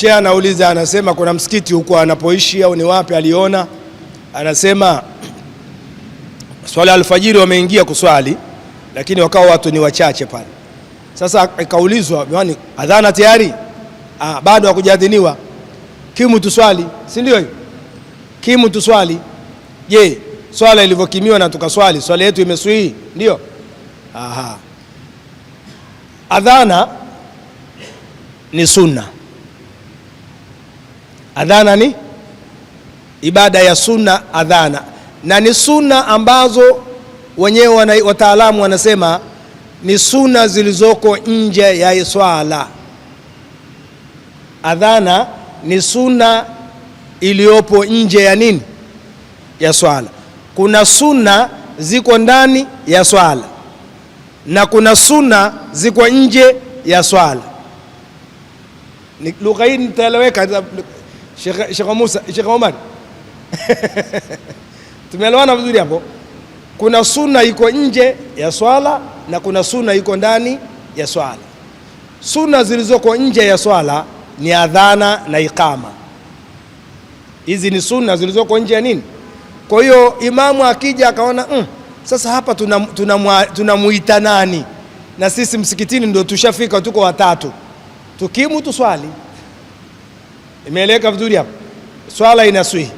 Shehe anauliza anasema, kuna msikiti huko anapoishi au ni wapi aliona, anasema swala alfajiri wameingia kuswali, lakini wakawa watu ni wachache pale. Sasa ikaulizwa yani, adhana tayari ah, bado hakujaadhiniwa, kimu tuswali, si ndio hiyo? Kimu tuswali. Je, swala ilivyokimiwa na tukaswali, swala yetu imeswii? Ndio. Aha, adhana ni sunna Adhana ni ibada ya sunna, adhana na ni sunna ambazo wenyewe wana, wataalamu wanasema ni sunna zilizoko nje ya swala. Adhana ni sunna iliyopo nje ya nini? Ya swala. Kuna sunna ziko ndani ya swala na kuna sunna ziko nje ya swala. Lugha hii nitaeleweka Sheikh Musa, Sheikh Omar tumeelewana vizuri hapo. Kuna sunna iko nje ya swala na kuna sunna iko ndani ya swala. Sunna zilizoko nje ya swala ni adhana na ikama hizi ni sunna zilizoko nje ya nini. Kwa hiyo imamu akija akaona mm, sasa hapa tunamuita tuna tuna nani, na sisi msikitini ndio tushafika, tuko watatu, tukimu tuswali Imeeleweka vizuri hapo? Swala inaswihi